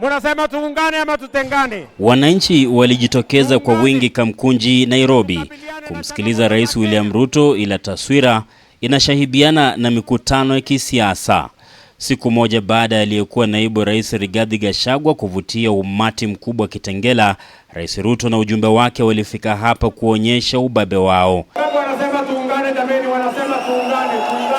Munasema tuungane ama tutengane? Wananchi walijitokeza kwa wingi Kamkunji, Nairobi, kumsikiliza Rais William Ruto, ila taswira inashahibiana na mikutano ya kisiasa. Siku moja baada ya aliyekuwa naibu rais Rigathi Gachagua kuvutia umati mkubwa Kitengela, Rais Ruto na ujumbe wake walifika hapa kuonyesha ubabe wao. Wanasema tuungane jameni, wanasema tuungane.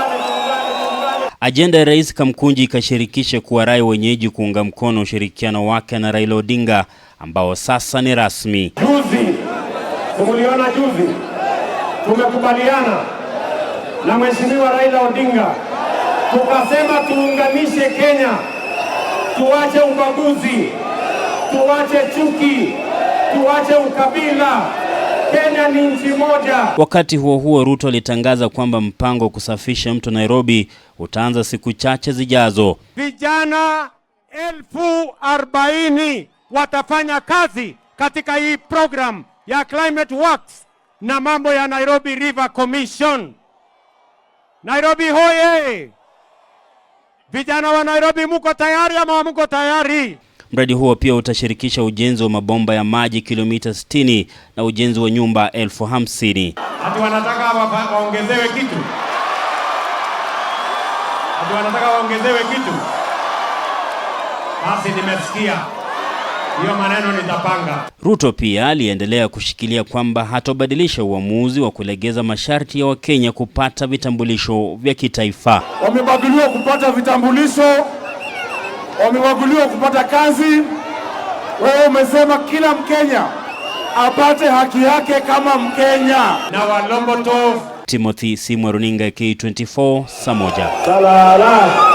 Ajenda ya Rais Kamkunji ikashirikisha kuwa rai wenyeji kuunga mkono ushirikiano wake na Raila Odinga ambao sasa ni rasmi. Juzi tuliona, juzi tumekubaliana na Mheshimiwa Raila Odinga tukasema tuunganishe Kenya, tuache ubaguzi, tuache chuki, tuache ukabila. Kenya ni nchi moja. Wakati huo huo, Ruto alitangaza kwamba mpango wa kusafisha mto Nairobi utaanza siku chache zijazo. Vijana elfu arobaini watafanya kazi katika hii program ya Climate Works na mambo ya Nairobi River Commission. Nairobi hoye! Vijana wa Nairobi muko tayari ama muko tayari? Mradi huo pia utashirikisha ujenzi wa mabomba ya maji kilomita 60 na ujenzi wa nyumba elfu hamsini. Ati wanataka waongezewe kitu? Ati wanataka waongezewe kitu? Basi nimesikia. Hiyo maneno nitapanga. Ruto pia aliendelea kushikilia kwamba hatobadilisha uamuzi wa kulegeza masharti ya Wakenya kupata vitambulisho vya kitaifa. Wamebadiliwa kupata vitambulisho wamewaguliwa kupata kazi. Wewe umesema kila Mkenya apate haki yake kama Mkenya na walomboto. Timothy Simwa, runinga K24, Samoja.